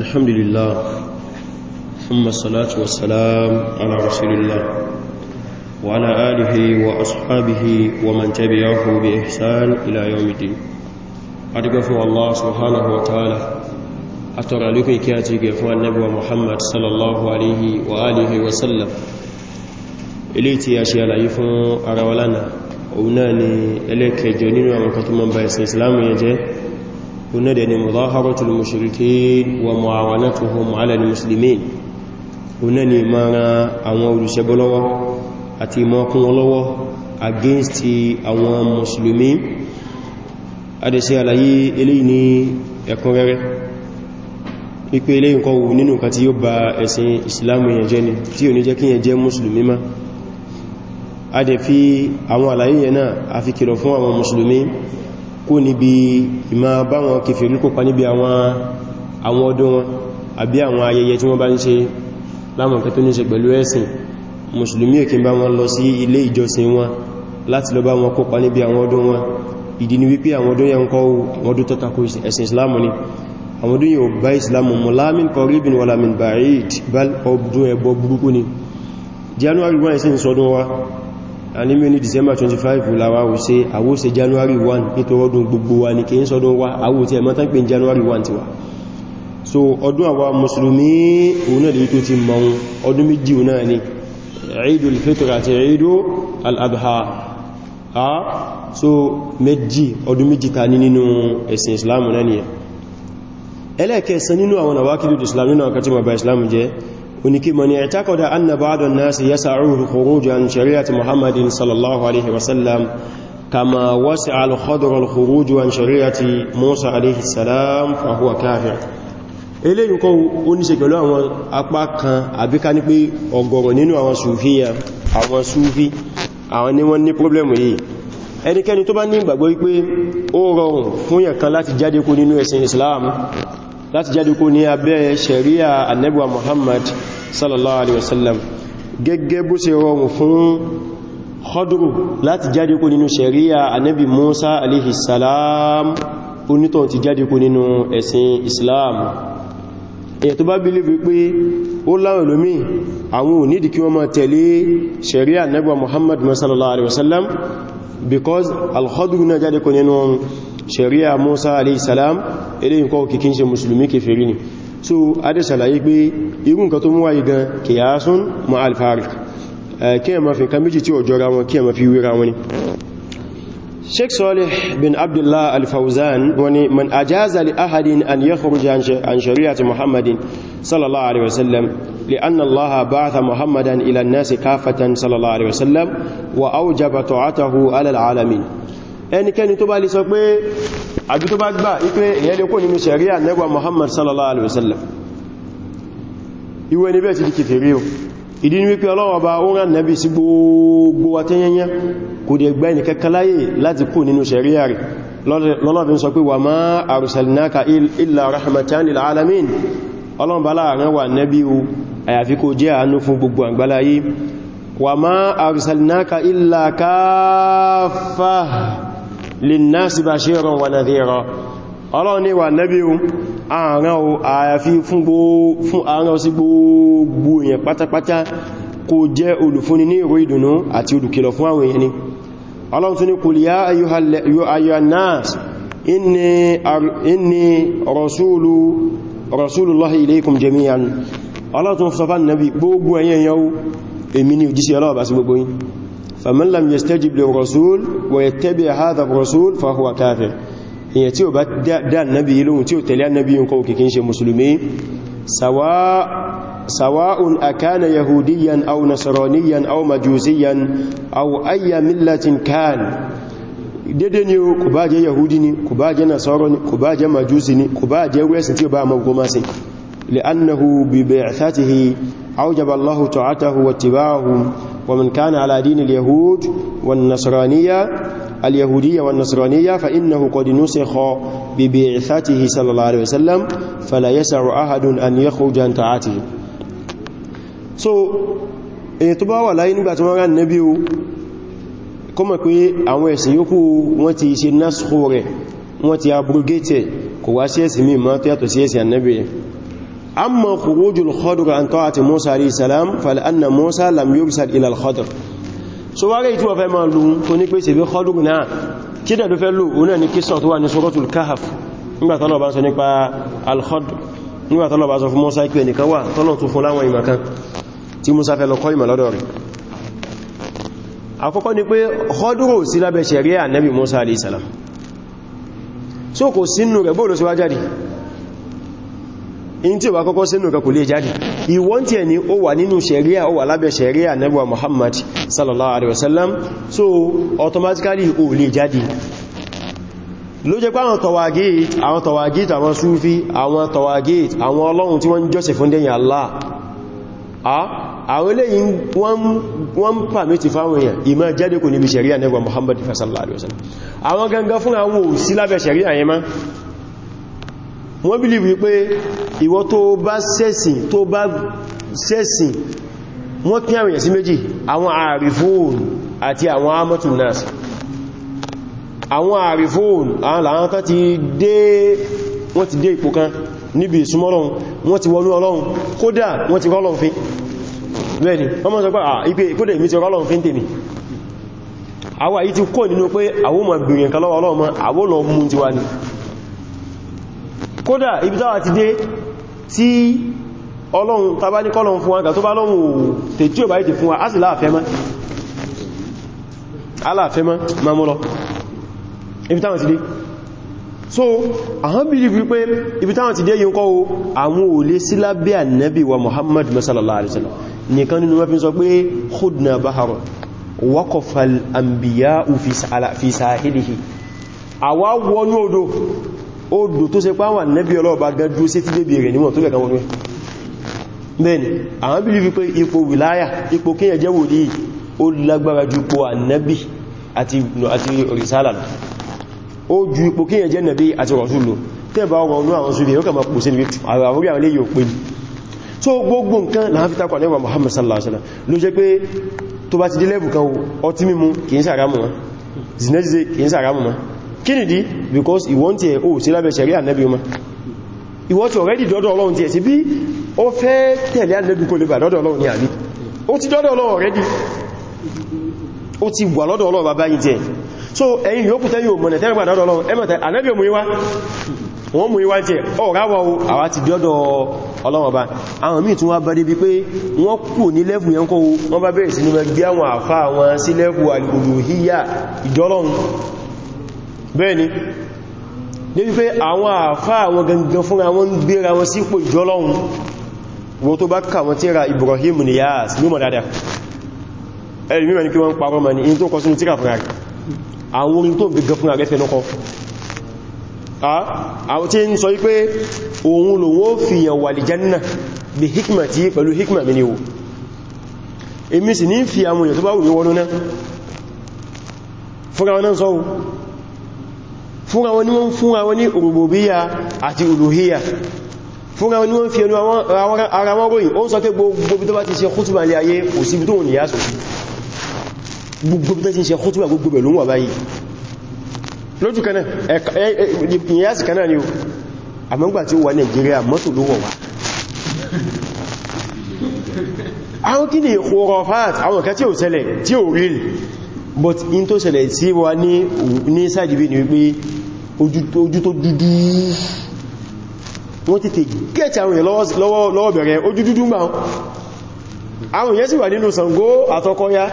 الحمد لله ثم الصلاة والسلام على رسول الله وعلى آله وأصحابه ومن تبعه بإحسان إلى يوم الدين أدقفوا الله سبحانه وتعالى أترى لكي كاتي قفوا النبوة محمد صلى الله عليه وآله وسلم إليتي أشياء لأيفون أرولنا òun náà ni ẹlẹ́kẹjọ nínú àwọn kan tó kuna da ne muzaharatul mushrikin wa mu'awanatuhum ala al-muslimin kuna ne mara àwọn olùṣẹbọ lọ́wọ́ àti mọ́kún lọ́wọ́ against àwọn musulmi a da ṣe àlàyé eléyìí ní ẹ̀kúnrẹ́rẹ́ pípé eléyìí nǹkan wù nínú nǹkan tí yóò ba ẹ̀sìn islamu yẹn jẹ́ ni tí ò ní jẹ́ kí yẹn jẹ́ musulmi ma a dẹ̀ fi àwọn àlàyé yẹn a fi kìlọ̀ fún àwọn musulmi kó níbi ìmá báwọn kèfèrí kópa níbi àwọn ọdún wọn àbí àwọn ayẹyẹ tí wọ́n bá ń ṣe láwọn nǹkan tó ní ṣe pẹ̀lú ẹ̀sìn mùsùlùmí ò kí ń bá wọn lọ sí ilé ìjọsìn wọn láti lọ bá wọn kópa níbi àwọn ọdún wọn ìdí ni wípé àwọn ọdún yẹn kọ́ wọn dún tọ́tako ẹ̀sìn islam ni àwọn ọdún yóò bá islam mọ̀ láàmín kọrìbìn wà láàmín bá ọdún ẹbọ burúkú ni january 1 sí wa alimi ní December 25 láwá ò ṣe àwó ṣe January 1 nítorí ọdún gbogbo wa ní kìí sọdún wá àwó tí ẹ̀mọ́ta pé January 1 ti wà so ọdún àwa mùsùlùmí òun náà lè tó ti mọ̀ ọdún méjì òun náà ni Eidul Fitr àti Eidul Adha a so méjì ọdún méjì ta ní nínú ẹ̀sìn Islam náà ni ẹlẹ́kẹ̀ẹ́sẹ̀ nínú àwọn àwákìlú Islam nínú àkàtí mọ̀ bá Islam jẹ́ ونكي من اعتقد أن بعض الناس يسعوه خروج عن شريعة محمد صلى الله عليه وسلم كما وسع الخضر الخروج عن شريعة موسى عليه السلام فهو كافر eléyìn kọ́ ó ní ṣe pẹ̀lú àwọn apá kan àbíká ní pé ọ̀gọ̀rọ̀ nínú àwọn sùfíyà àwọn sùfí àwọn ni wọ́n ní pọ́blẹ̀mù yìí ẹnikẹ́ni tó bá ní ìgbàgbọ́ wípé ó rọrùn fún yẹ̀kan láti jáde kú nínú ẹ̀sìn Islam láti jáde kó ní abẹ́ sharia annabuwa muhammad sallallahu alaihi wasallam gẹ́gẹ́ bó ṣe rọrùn fún khadru láti jáde nínú sharia annabi musa alaihi salam onítọ̀ ti jáde kó nínú ẹ̀sìn islam èyàn tó bá bílé wípé ó láwọn olómi àwọn ò nídìí kí wọ́n máa tẹ̀lé sharia annabuwa muhammad sallallahu alaihi wasallam because al-khadru náà jáde nínú sharia Musa alaihissalam eléyìn kọ́ kìkí ṣe musulmi kèfèrí ni so adẹ́sàlàyé pé irú nǹkan tó mú wáyé gan kìyàsún ma alfarik kí ẹ ma fi kan méjì tí ó jọra wọn kí ẹ ma fi wíra wọn ni Sheikh bin Abdullah al wani man ajaza li ahadin an yakhruja an shari'ati Muhammadin sallallahu alaihi wasallam لأن الله بعث محمدا إلى الناس كافة صلى الله عليه وسلم وأوجب طاعته على العالمين ẹnikẹ́ni tó bá lè sọ pé àbí tó bá gbà ipé èyẹ́ lè kó nínú sẹ̀ríà nẹ́gbà Muhammad sallallahu alaihi wasallam ìwé ni bẹ́ẹ̀ ti di kèfèrí o ìdí ni wípé ọlọ́run bá láàrin wà nẹ́bí o àyàfi kó jẹ́ àánú fún gbogbo àgbáláyé wa ma arsalnaka illa kaffa linnasi bashiran wa nadhira ọlọ́run ní wà nẹ́bí ààrán o àyàfi fún ààrán sí gbogbo èèyàn pátápátá kó jẹ́ olùfúnni ní ìró ìdùnnú àti olùkìlọ̀ fún àwọn èèyàn ni ọlọ́run tún ní kul ya ayyuhan nas inni rasulu rasulullahi ilaykum jami'an ọlọ́run tún sọ fún فمن لم يستجب للرسول ويتبع هذا الرسول فهو كافر ìyẹn tí ó bá dá nábi ilóhun tí ó tẹ̀lé nábi yíò kọwọ́ kìkín ṣe musulmi sawa'un akana yahudiyan au nasaraniyan au majusiyan au ayya millatin kan dédé ni o kò bá jẹ́ yahudi ni kò bá jẹ́ nasaro ni kò bá jẹ́ majusi ni kò bá jẹ́ wẹ́sìn tí ó bá mọ́gbọ́ máa sí li'annahu bi bi'athatihi aujaba allahu ta'atahu wa tibahum ومن كان على دين اليهود والنصرانية اليهودية والنصرانية فإنه قد نسخ ببعثته صلى الله عليه وسلم فلا يسع أحد أن يخرج عن طاعته so èyí tó bá wà láyé nígbà tí wọ́n rán nẹ́bí o kó mọ̀ pé àwọn ẹ̀sìn yókù wọ́n ti ṣe násìkò rẹ̀ wọ́n ti abrogate kò wá sí ẹ̀sìn mímọ́ tó yàtọ̀ sí ẹ̀sìn ànẹ́bí أما خروج الخضر عن طاعة موسى عليه السلام فلأن موسى لم يرسل إلى الخضر so wá rí ìtúwà fẹ́ máa lú tó ní pé ìsẹ̀bí kọlùrù náà kí dẹ̀ ló fẹ́ lú òun náà ní kí sọ̀tọ́ wà ní suratul kahf nígbàtọ́lọ̀ bá ń sọ nípa al-Khidr nígbàtọ́lọ̀ bá sọ fún Mùsá ikú ẹnìkan wà tọ́lọ̀ tó fún láwọn ìmọ̀kan tí Mùsá fẹ́ lọ kọ́ ìmọ̀ lọ́dọ̀ rẹ̀ àkọ́kọ́ ni pé Khidru sí lábẹ́ ṣẹ̀ríà Ànábì Mùsá alayhi salam so kò sínú rẹ̀ bóòlù síwájáde in tí ó bá kọ́kọ́ sínú kan kò lè jáde ìwọ́n tí ẹni ó wà nínú ṣẹ̀ríà ó wà lábẹ́ ṣẹ̀ríà nẹ́bùwa Muhammad sallallahu alaihi wasallam so automatically ó lè jáde ló jẹ́ pé àwọn tọwagate àwọn tọwagate àwọn súfí àwọn ọlọ́run tí wọ́n jọ́sẹ̀ fún dẹ́yìn Allah àwọn eléyìn wọ́n pàmítì fáwọn èèyàn ìmá jáde kò níbi ṣẹ̀ríà nẹ́gbà Muhammad sallallahu alaihi wasallam àwọn gangan fún àwọn òsí lábẹ́ wọ́n believe wípé ìwọ tó bá sẹ́sìn tó bá sẹ́sìn wọ́n pín àwọn èèyàn sí méjì àwọn àrífóòn àti àwọn amọ́tùnás àwọn àrífóòn àwọn làwọn kan ti dé wọ́n ti dé ipò kan níbi ìsúnmọ́lọ́un wọ́n ti wọnú ọlọ́run kódà wọ́n ti rọ́lọ́run fín bẹ́ẹ̀ni wọ́n mọ́ sọ pé ìpé kódà èmi ti rọ́lọ́run fín ni kódà ibi táwà ti dé tí ọlọ́run tàbá ní kọ́lọ̀un fún wánkà tó bá lọ́run tètí ò bá ìtì fún wa á sì láàfẹ́mọ́ aláàfẹ́mọ́ ma ibi táwọn ti dé so àwọn bí i wípé ibi táwọn ti dé yíò kọ́ àwọn ò sí lábẹ́ ànábì wa Muhammad sallallahu alaihi wasallam nìkan nínú wọ́n fi sọ pé khudna bahar waqafa al-anbiya fi sahilihi àwa wọnú odò odò tó ṣe páwà nẹ́bí ọlọ́ọ̀bá gan dúró sí tí bèbè rẹ̀ níwọ̀n tó lẹ̀kan wọn bẹ́ẹ̀ni àwọn bí wípé ipò wìláyà ipò kíyàn jẹ́ wòlí ó lágbára ju ipò ànẹ́bí àti rìsálà lọ ó ju ipò kíyàn jẹ́ nẹ́bí àti rọ̀súlò tẹ́bà ọ̀rọ̀ ọ̀nà àwọn sórí ẹ̀rọ kàmà pòsí ní àwọn àwọn àwọn eléyìí òpin tó gbogbo nǹkan láà fi takọ̀ nẹ́wà bá ti dé kí nìdí because ìwọ́n tí ẹ̀ o sí lábẹ̀ ṣẹ̀rí ànẹ́bí ọmọ ìwọ́n tí already dọ́dọ̀ ọlọ́run tí ẹ̀ sí bí ó fẹ́ tẹ̀lé ànẹ́bí kò lè bà dọ́dọ̀ ọlọ́run ní àbí ó ti dọ́dọ̀ ọlọ́run already ó ti wà lọ́dọ̀ ọlọ́run bàbá yìí tẹ̀ so ẹ̀yin yóò kútẹ́ yóò mọ̀nà tẹ́rẹ̀gbà dọ́dọ̀ ọlọ́run ẹmọ̀tẹ́ ànẹ́bí ọmọ ìwá wọ́n mú ìwá jẹ́ ọ̀rá ti dọ́dọ̀ ọlọ́run ọba àwọn míì tún wá bá débi pé wọ́n kù ní lẹ́fù yẹn kó wọ́n bá bẹ̀rẹ̀ sí ní gbé àwọn bẹ́ẹ̀ni ní wípé àwọn àfá àwọn gangan fúnra wọn ń gbéra wọn sípò ìjọlọ́run wo tó bá kà wọn tíra Ibrahim Niyas ló mọ̀ dáadáa ẹ̀rì mímọ̀ ní kí wọ́n parọ́ ma ní in tó kọ sínú tíra fúnra rẹ̀ àwọn orin tó gẹ̀gẹ̀ fúnra rẹ̀ fẹ́nukọ hikma tí pẹ̀lú hikma mi ni o èmi sì ní fúnra wọn ni wọ́n fúnra wọn ní rububiyya àti uluhiyya fúnra wọn ni wọ́n fi ẹnu ara wọn ròyìn ó ń sọ pé gbogbo tó bá ti ṣe kútùbà lé ayé kò sí tó ní yásò gbogbo tó ti ṣe kútùbà gbogbo bẹ̀ wà báyìí ni o àmọ́gbà tí ó wà Nàìjíríà mọ́tò ni khurafat àwọn kan tí ó ṣẹlẹ̀ tí but in tó ṣẹlẹ̀ tí wà ní ni ojú tó dúdú wọ́n tètè gẹ́ẹ̀tì àwọn èèyàn lọ́wọ́ bẹ̀rẹ̀ ojú dúdú gbà àwọn èèyàn sì wà nínú Ṣàngó àtọkọya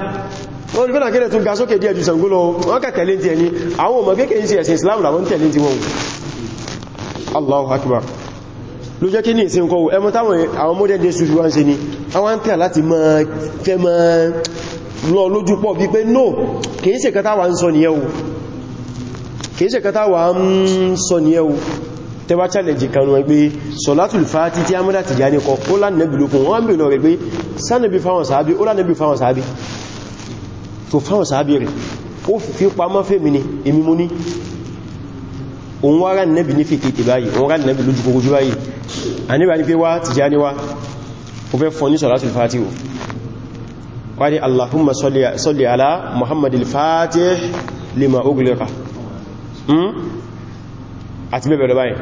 wọ́n rí fẹ́nà kẹ́lẹ̀ tún ga sókè díẹ̀ ju Ṣàngó lọ wọ́n kà tẹ̀lé ti ẹni àwọn ọmọ kéèkéé sí ẹ̀sìn Islam làwọn tẹ̀lé ti wọn Allahu Akbar ló jẹ́ kí ní ìsin kọwọ́ ẹmọ táwọn àwọn modern day sufi wọ́n ṣe ni àwọn ń tẹ́ láti mọ́ fẹ́ mọ́ lọ lójú pọ̀ bí pé no kìí ṣe kẹta wà ń sọ nìyẹn kìí ṣe kátà wà ń sọ ní ẹwù tẹwà challenge kanu ẹgbẹ́ sọlátùl fàátì tí a mọ́dá ti já ní kọ ó lánàbì lókun wọ́n bèèrè rẹ̀ pé sánàbì fáwọn sàábí ó lánàbì fáwọn sàábí tó fáwọn sàábí rẹ̀ ó fi pamọ́ fèmì ni èmi mú ní òun wá ránàbì ní fèkètè báyìí òun allahumma salli ala muhammadil fatih lima ugliqa Hmm? àti bẹ́ẹ̀ bẹ́ẹ̀ báyìí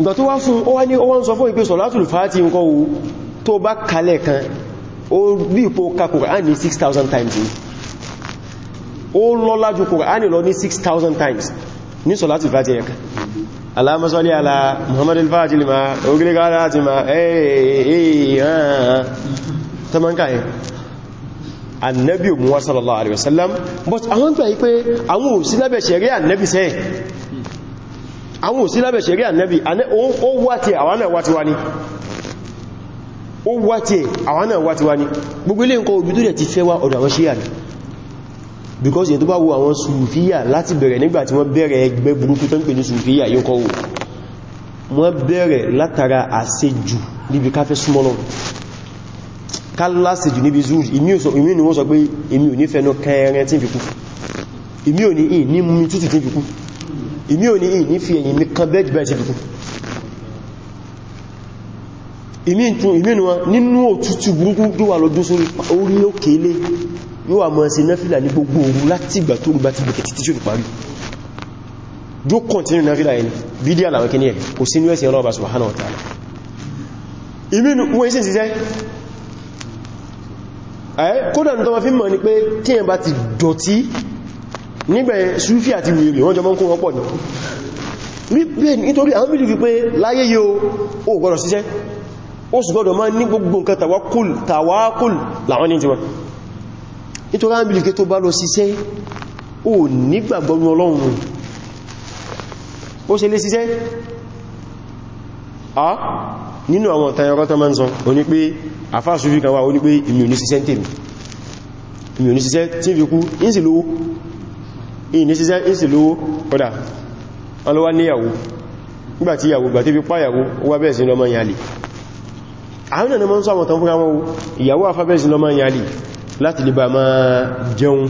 ìgbà tó wá fún ó wá ní ó wá ń sọ fún ìpé sọ̀látùl fàátì nǹkan wo tó bá kalẹ̀ kan ó bí ipò ka Kùránì 6,000 times ní ó lọ́lá ju Kùránì lọ ní 6,000 times ní sọ̀látùl fàátì ẹ̀kà Allahumma salli ala Muhammad al-fàátì lima orílẹ̀-èdè annabi mu wa sallallahu alaihi wasallam but àwọn gbà yí pé àwọn ò sí lábẹ́ ṣẹ̀rí annabi sẹ́yìn àwọn ò sí lábẹ́ ṣẹ̀rí annabi ó wá tí àwọn náà wá ti wá ní ó wá tí àwọn náà wá ti wá ní gbogbo ilé nǹkan ojú tó rẹ̀ ti fẹ́ wá ọ̀dọ̀ àwọn ṣíyà because yẹn tó bá wo àwọn sùfíyà láti bẹ̀rẹ̀ nígbà tí wọ́n bẹ̀rẹ̀ ẹgbẹ́ burúkú tó ń pè ní sùfíyà yóò kọ́ wò wọ́n bẹ̀rẹ̀ látara àṣejù níbi káfẹ́ súnmọ́lọ́rùn kálá stage níbi zoo ìmí ni wọ́n sọ pé èmi ò ní fẹ́nu kẹrẹ tí fi kú èmi ò ní ì ní mú tútù tí fi kú èmi ò ní ì ní fi ẹ̀yìn mi kan bẹ́ẹ̀dì bẹ́ẹ̀ tí fi kú èmi ni wọ́n nínú òtútù burúkú tó wà lọ́dún sórí orí òkèlé yóò wà mọ́ sí náfìlà ní gbogbo òru láti ìgbà tó rúgbà ti bẹ̀kẹ̀ títí tí ó fi parí yóò kọ̀ntínú náfìlà ẹni bídíà làwọn kí ní ẹ̀ kò sínú ẹ̀sìn ọlọ́ọ̀bà subhanahu wa ta'ala ìmínú wọ́n sí ti jẹ́ Eh, kódà ní tọ́wọ́ fi mọ̀ ní pé tí ẹ̀ bá ti dọ̀tí nígbẹ̀ súfí àti wèrè wọ́n jọ mọ́ ń kó wọ́n pọ̀ ní nítorí àwọn bílì wípé láyé yóò ó gbọ́dọ̀ ṣiṣẹ́ ó sì gbọ́dọ̀ máa ní gbogbo nǹkan tàwákùl tàwákùl làwọn ní tiwọn nítorí àwọn bílì tó bá lọ ṣiṣẹ́ ó nígbàgbọ́ ní Ọlọ́run ó ṣe lé nínú àwọn tayọrọ tó máa ń sọ o ní pé àfáà Sufi kan wà o ní pé èmi ò ní ṣiṣẹ́ tèmi èmi ò ní ṣiṣẹ́ tí fi kú ìsì lówó ìní ṣiṣẹ́ ìsì lówó kọ́dà ọlọ́wà níyàwó nígbàtí ìyàwó gbà tí fi páyàwó ó wá bẹ́ẹ̀ sí lọ́mọ ìyàlì àwọn ènìyàn máa ń sọ àwọn tán fúnra wọn ìyàwó afá sí lọ́mọ ìyàlì láti lè bà máa jẹun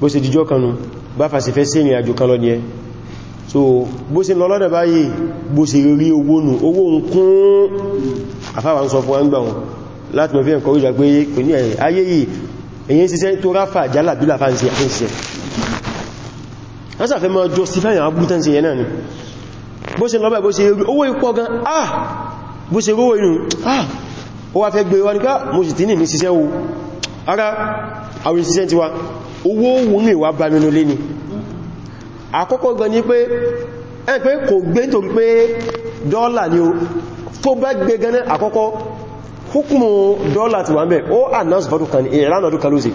bó ṣe dijọ́ kanu bá fàṣẹfẹ́ sí ìrìn àjò kan lọ ní ẹ so bó ṣe lọ lọ́dẹ̀ báyìí bó ṣe rí owó nù owó ń kún àfáwà ń sọ fún ẹgbà wọn láti mọ̀ fi ẹ̀kọ́ ìjà pé kò ní ayé yìí èyí ń ṣiṣẹ́ tó ráfà jálà bí láfà ń ṣe àfíṣẹ́ lọ́sàfẹ́ mọ́ ah bó ṣe rówó ah ó wá fẹ́ gbé wá ní ká mo sì tí ní ṣiṣẹ́ wo wa owó wùnú ìwà ni àkọ́kọ́ gan ni pé ẹ pé kò gbé torí pé dọ́là ni o tó bá gbé gan ní àkọ́kọ́ hukumu dọ́là ti wà ń ó announce fọ́dún kan ní ìran ọdún kan lóṣì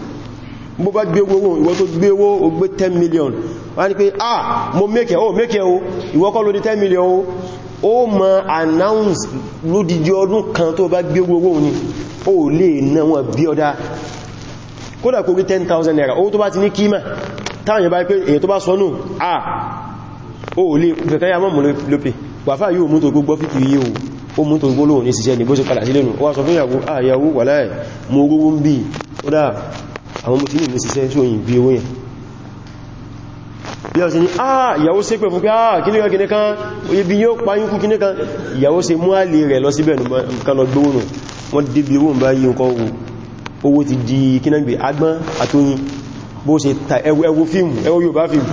bó bá gbé owó ìwọ tó gbé owó o gbé 10 million wá ní pé ah mo mẹ́kẹ̀ o mẹ́kẹ̀ o ìwọ kọ́ ló ní 10 million o ó ma announce lódìdí ọdún kan tó bá gbé owó ni ó lè náwọn bí ọdá kódà kò rí 10,000 naira owó tó bá ti ní kíma táwọn yẹba pé èyàn tó bá sọ́nù à ó lè kẹkẹyà mọ́ lópe wàfà yóò mú tó gbogbo fíkiri yíò ó mú tó gbogbo lóòrùn ìsìṣẹ́ ní bó ṣe padà sí lẹ́nu wá sọ fún ìyàwó àyàwó wà láẹ̀ mú orúwú ń bí ó dá àwọn mú sí ní ìsìṣẹ́ tí ó yìn bí owó yẹn bí ọ̀sẹ̀ ni àà ìyàwó ṣe pẹ̀ fún pé àà kíníkan kíníkan ibi yóò páyún kú kíníkan ìyàwó ṣe mú àlè bó ṣe ta ẹwọ fíìmù ẹwọ Yorùbá fíìmù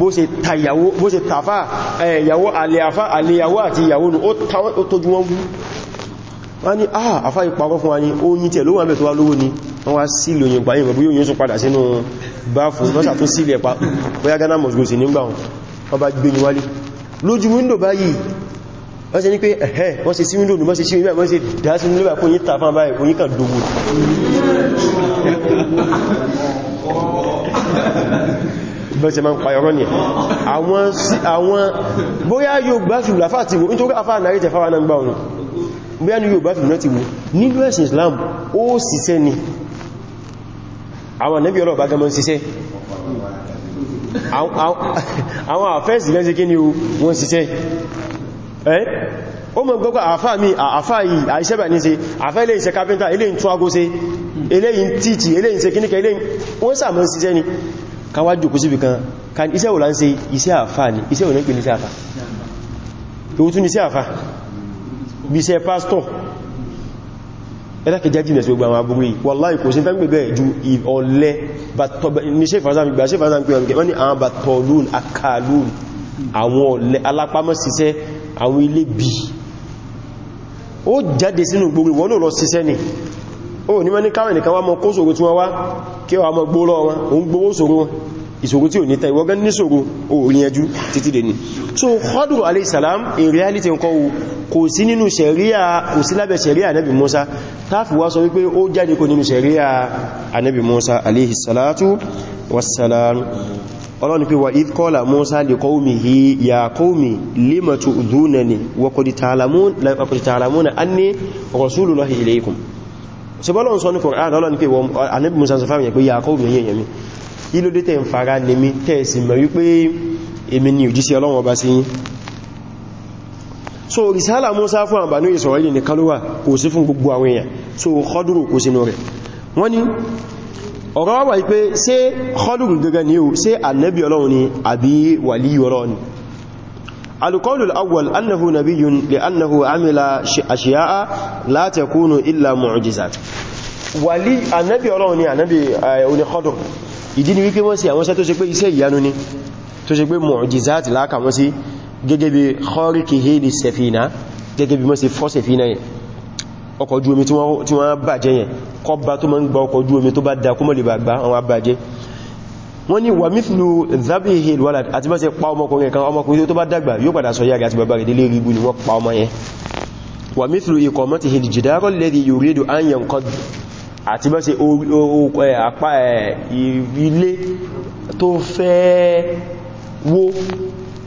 bó ṣe ta ìyàwó bó ṣe tàfà ẹ̀yàwó àlẹ́yàfà àlẹ́yàwó àti ìyàwó nù ó tójú wọn bú wọ́n ni ah afá ìpapọ̀ fún wani ní oyin tẹ̀ ló wà mẹ́ tó wá lówó ní wọ́n wá sílì oyin gbáyìn mọ̀ bí yóò sọ padà sínú báfún lọ́sà tó sílì ẹ̀pá bóyá Ghana must go sí nígbà wọn bá gbé ní wálé lójú wíńdò báyìí wọ́n ṣe bẹ́ẹ̀ ma ń pa ọ̀rọ̀ ní àwọn bóyá yóò gbá ṣùgbà fà ti wò nítorí afá ànàrí tẹ̀fà wà náà gbá ọ̀nà bóyá ní yóò gbá ṣùgbà ti wò nínú ẹ̀sìn Islam ó ṣiṣẹ́ ni àwọn ànẹ́bí ọlọ́ bá gẹ́mọ́ ṣiṣẹ́ àwọn àfẹ́sì gẹ́ ó mọ̀ gbọ́gbọ́ àfá mi àfá yìí àìṣẹ́bà ní ṣe àfá ilé ìṣẹ́ kápẹ́ntà ilé ìtún agó ṣe ilé ìn tíìtì ilé ìṣẹ́ kíníkà ilé wọ́n sàmọ́ síṣẹ́ ni káwà jù kú síbi kan iṣẹ́ wò lá ṣe iṣẹ́ àfá ni iṣẹ́ wò ní pè ní iṣẹ́ àfá ewu tún iṣẹ́ àfá bí iṣẹ́ pásítọ̀ ẹlákẹjá jìnà sí gbogbo àwọn agbórí wàláì kò sí tán gbẹ̀gbẹ̀ ju ọlẹ́ ní ṣe fàzán gbà ṣe fàzán àwọn ilé bíi ó jáde sínú gbogbo ìwọ́n lò lọ síṣẹ́ ni ó ní wọ́n ní káwọn nìkan wá mọ́ kó ṣòro tí wọ́n wá kí wọ́n mọ́ gbóòlọ́ wọn òun gbówó ṣòro wọn ìṣòro tí ò ní ta ìwọ́gán ní ṣòro ò títí dè ní so Khadru alayhi salam in reality nǹkan kò sí nínú ṣẹ̀ríà kò sí lábẹ́ ṣẹ̀ríà Nabi Musa táàfi wá sọ wípé ó jáde kò nínú ṣẹ̀ríà anábi musa aléhì salatu wassalam ọlọ́ni pé wa idh qala musa li qawmihi ya qawmi lima tu'dhunani wa qad ta'lamuna anni rasulullahi ilaykum ṣe bọ́lọ́n sọ ní Kùránì ọlọ́ni pé anábi musa sọ fáwọn yẹ̀ pé ya qawmi so risala Musa fún àbánú Israeli ní kalúwà kò sí fún gbogbo àwọn èèyàn so Khadru kò sínú rẹ̀ wọ́n ni ọ̀rọ̀ wà pé ṣé Khadru gẹ́gẹ́ ni ó ṣé annabi Ọlọ́run àbí القول الأول أنه نبي لأنه عمل أشياء لا تكون إلا معجزات wàlí ànábì ọlọ́run ni ànábì eh, oníkọ́dọ̀ ìdí ni wípé wọ́n sí àwọn iṣẹ́ tó ṣe pé iṣẹ́ ìyanu ni tó ṣe pé mọ̀jízáàtì láàkà wọ́n sí gẹ́gẹ́ bí kọ́ríkì hìdí sẹfina gẹ́gẹ́ bí mọ́sí fọ́ sẹfina yẹn ọkọ̀ ojú omi tí wọ́n bàjẹ́ yẹn kọba tó ma ń gba ọkọ̀ ojú omi tó bá dá kó mọ̀lẹ̀ bàgbá àwọn abàjẹ́ wọ́n ní wà mithlu dhabi hil walad àti bá ṣe pa ọmọkùnrin kan ni wọ́n pa ọmọ yẹn wà mithlu iqamati hil jidar alladhi yuridu an yanqad àti bá ṣe apá ilé tó fẹ́ wó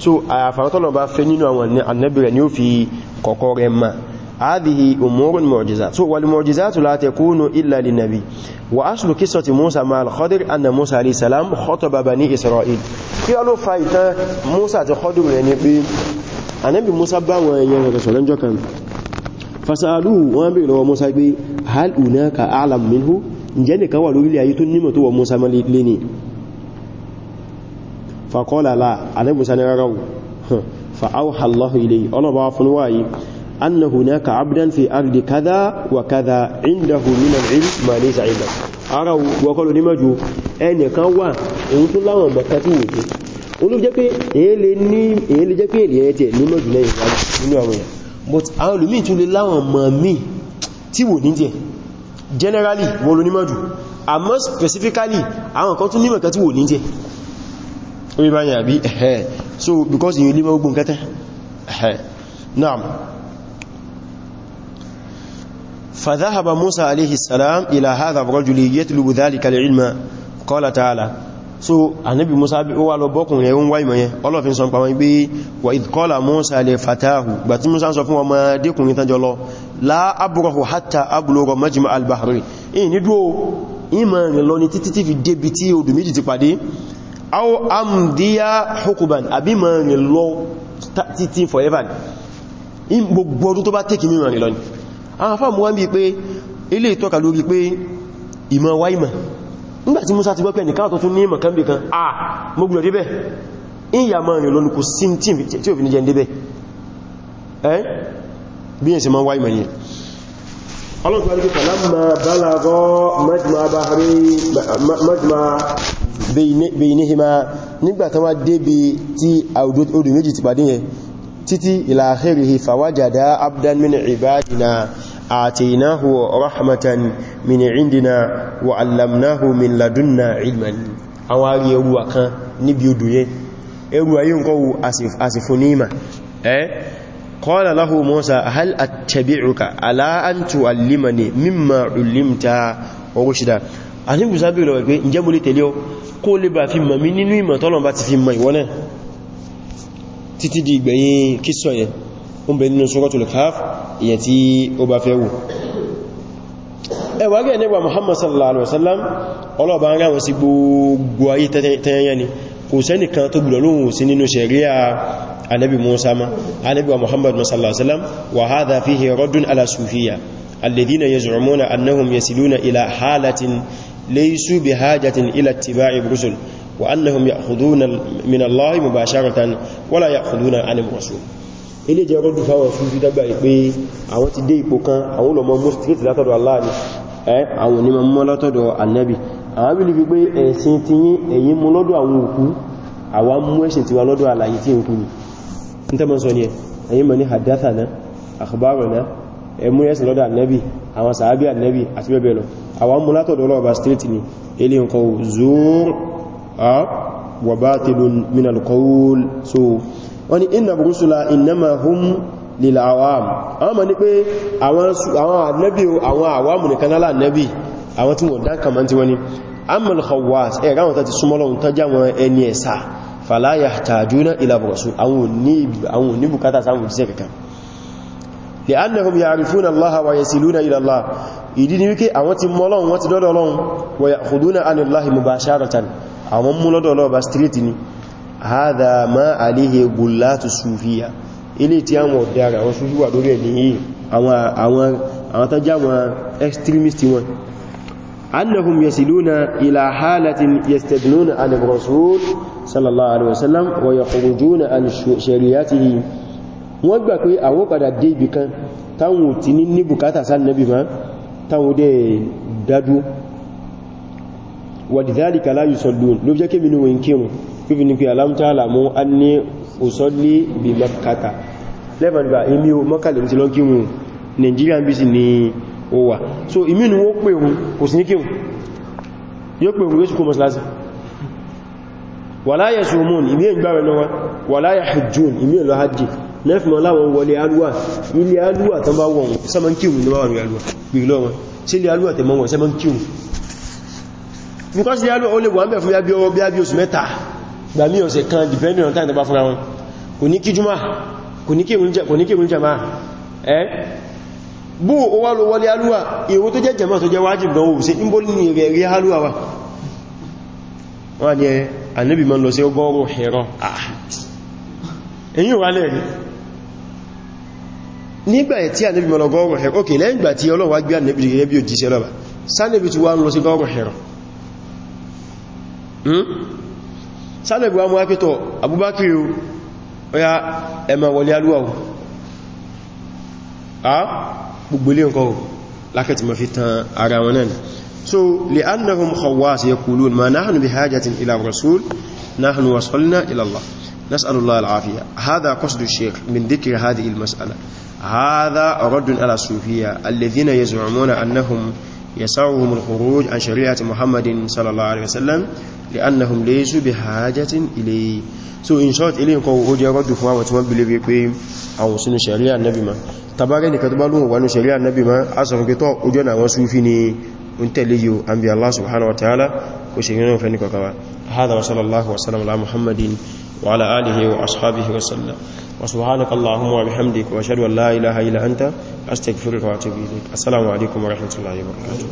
so àfàrátọ́lọ̀ bá fẹ́ nínú àwọn annabi rẹ̀ ni ó fi kọ̀kọ́ rẹ̀ ma هذه أمور معجزات والمعجزات لا تكون إلا للنبي وأصل قصة موسى مع الخضر أن موسى عليه السلام خطب بني إسرائيل kí ló fà ìtàn Mùsá àti Khidr ni pé Ànábì Mùsá bá àwọn èèyàn rẹ̀ sọ̀rọ̀ lọ́jọ́ kan fasalu wọ́n bi lọ́wọ́ Mùsá pé hal hunaka a'lam minhu ǹjẹ́ nìkan wà lórílẹ̀ ayé tó nímọ̀ tó wọ Mùsá mọ́ lé ní fàkọ́lá láà alẹ́bùsá ní rárá fa'auha Allahu ilayhi ọlọ́bà fún wáyé anna hunaka abdan fi ardi kada wa kada indahu min al-ilm ma laysa indak ara wakọlu ní mẹ́jọ ẹnìkan wà èyí tó láwọn mọ̀ká tí wòye olú jẹ́ pé èyí lè jẹ́ pé èyí ẹ̀ ní mẹ́jọ lẹ́yìn nínú but àwọn olùmí tún lè láwọn mọ̀ mí generally wọ́n lónímọ̀jù àmọ́ specifically àwọn kan tún nímọ̀ orí bá yà bí ẹ̀hẹ́ so because yìí olímọ̀ ogun kẹta ẹ̀hẹ́ naam fàdáhàbà musa aléhì salam ilá haza rọ́jùlé yẹtùlùbù dhalika al-ilma qala ta'ala so anabi musa ó wà lọ bọ́kùn rẹ̀ ń wá ìmọ̀ yẹn ọlọ́fin sọ pàwọn gbé wa idh qala musa li fatahu gbà tí musa sọ fún ọmọ dékùnrin tán jọlọ la abrahu hatta abluga majma al-bahri in ni dúó ìmọ̀ aw amdiya hukuban àbí ma rìn lọ títí forever in gbogbo ọdún tó bá tẹ́kì mímọ̀ rìn lọ ni àwọn afẹ́ mú wá ń bí pé ilé ìtọ́ka lórí pé Musa ti gbọ́pẹ́ nìkan tó tún ní ìmọ̀ kan bí kan ah mọ́gbùn ọdí bẹ́ ìyà ma rìn lọ́nà kò sí tí ò fi ma bèyìnihìmá nígbàtán wá débi tí odò méjì ti pàdé yẹn títí ila akhirihi fàwájàdá abdan min ibadina ataynahu rahmatan min indina wa allamnahu min ladunna ilman àwọn arí ẹrùwà kan níbi odò yẹn ẹrùwà yìí nǹkan wù àsìfúnníma ẹ́ qala lahu Musa hal attabi'uka àníbù sábẹ̀ lọ pé ǹjẹ́ mo lè tẹ̀lé ọ kó lè bá fi mọ̀ mí nínú ìmọ̀ tọ́lọ̀ bá ti fi mọ̀ ìwọ náà títí di ìgbẹ̀yìn kíso yẹn ó ń bẹ nínú Suratul Kahf ìyẹn tí ó bá fẹ́ wò ẹwà gẹ́ nígbà Muhammad sallallahu alaihi wasallam ọlọ́ọ̀bá ń ráwọn sí gbogbo ayé tẹ́yẹn ni kò sẹ́nìkan tó gbùdọ̀ lóhun sí nínú ṣẹ̀ríà ليسوا بحاجة إلى اتباع الرسل وأنهم يأخذون من الله مباشرة ولا يأخذون عن الرسول ilé jẹ́ ọdún fáwọn fún fi dágbà ìpé àwọn ti dé ipò kan àwọn olùmọ̀ mọ́sílẹ̀tì látọ̀dọ̀ Allah ni ẹ́ àwọn onímọ̀ mọ́ látọ̀dọ̀ annabi àwọn bí lè pé ẹ̀sìn ti yí ẹ̀yìn mú lọ́dọ̀ àwọn òkú àwọn mú ẹ̀sìn ti wà lọ́dọ̀ alàyè tí òkú àwọn múlátọ̀dọ̀ ọlọ́ọ̀bá street ni ilé nǹkan zuur a wà batilun min al-qawl so wọ́n ni inna rusula innama hum lil awam àwọn ma ní pé àwọn ànábì àwọn àwàmù nìkan lálà ànábì àwọn tí wọ́n dákà mọ́ tí wọ́n ni amal khawas ẹ̀rẹ́ àwọn tàti súnmọ́lọ́un tán jáwọn ẹni ẹ̀sà fala yahtajuna ila rasul li'annahum ya'rifuna allaha wa yasiluna ila allah ìdí ni wípé àwọn ti mọ Ọlọ́run wọ́n ti dọ́dọ̀ Ọlọ́run wa ya'khuduna 'an Allahi mubasharatan àwọn mú lọ́dọ̀ Ọlọ́run bá street ni hadha ma alayhi gullatu sufiya ilé tí àwọn ọ̀dára àwọn sufi wà lórí ẹni yìí àwọn tó jáwọn extremist wọn annahum yasiluna ila halatin yastadnuna 'an ar-rasul sallallahu alaihi wasallam wa yakhrujuna àwọn padà táwọn ò ti ní ní bùkátà sáà nẹ́bì máa táwọn dẹ̀ dájú wàdìdálìkà láyé sọ́dún ló jẹ́ kí mínú wọn kírùn fífi ní pé alámtàlà mú a ní òsọ́lé bí makata lẹ́bàdìbà èmi o mọ́kàlẹ̀ ti lọ kírùn Nigeria bí ni ó wà so ìmínú ó pè hun kò sí ní kírùn yóò pè hun yóò sì kó lẹ́fìmọ̀ láwọn wọlé alúwà ilé alúwà tán bá wọ̀n sẹ́mọ́ kíhùn ní wọ́n alúwà gbìrì lọ́wọ́ sí ilé alúwà tẹ̀mọ́ wọ̀n sẹ́mọ́ kíhùn because ilé alúwà ó lè wọ́n bẹ̀ fún bí ọwọ́ bí oṣù mẹ́ta gbàmí ọ̀sẹ̀ kan depending on time tó bá fúnra wọn kò ní kí jùmá kò ní kíhùn jàmá ẹ́ ni ẹ̀ ànábì mọ́ lọ sí ọgọ́rùn-ún ẹ̀rọ àà ah, ẹ̀yìn wà lẹ́rin nígbà tí a níbi mọ̀lọ̀ gọ́ọ̀rùn ẹ̀rọ òkè lẹ́yìn ìgbà tí Ọlọ́run wá gbé ànẹ́bì gẹ́gẹ́ bí òjíṣẹ́ lọ́ba sánẹ́bì tí wá ń lọ sí gọ́ọ̀rùn ẹ̀rọ hmm? sánẹ́bì wá mú ápẹ́tọ̀ Abubakar ọya ẹmà wọlé alúwà ah, so li'annahum khawas yaqulun ma nahnu bihajatin ila rasul nahnu wasalna ila Allah نسأل الله العافية هذا قصد الشيخ من ذكر هذه المسألة هذا رد على الصوفية الذين يزعمون أنهم يسعهم الخروج عن شريعة محمد صلى الله عليه وسلم لأنهم ليسوا بحاجة إليه so in short ilé nǹkan ó jẹ́ rọ́dù fún àwọn tí wọ́n bí lérí pé àwọn sínú ṣẹ̀ríà nábì ma tàbárẹ́ nìkan tó bá lóhùn ní ṣẹ̀ríà nábì ma a sọ̀rọ̀ pé tọ́ ojú ọ̀nà ni ونتلي أنبي الله سبحانه وتعالى وشيئنا فني كوكا هذا وصلى الله وسلم على محمد وعلى آله وأصحابه وسلم وسبحانك اللهم وبحمدك وأشهد أن لا إله إلا أنت أستغفرك وأتوب إليك السلام عليكم ورحمة الله وبركاته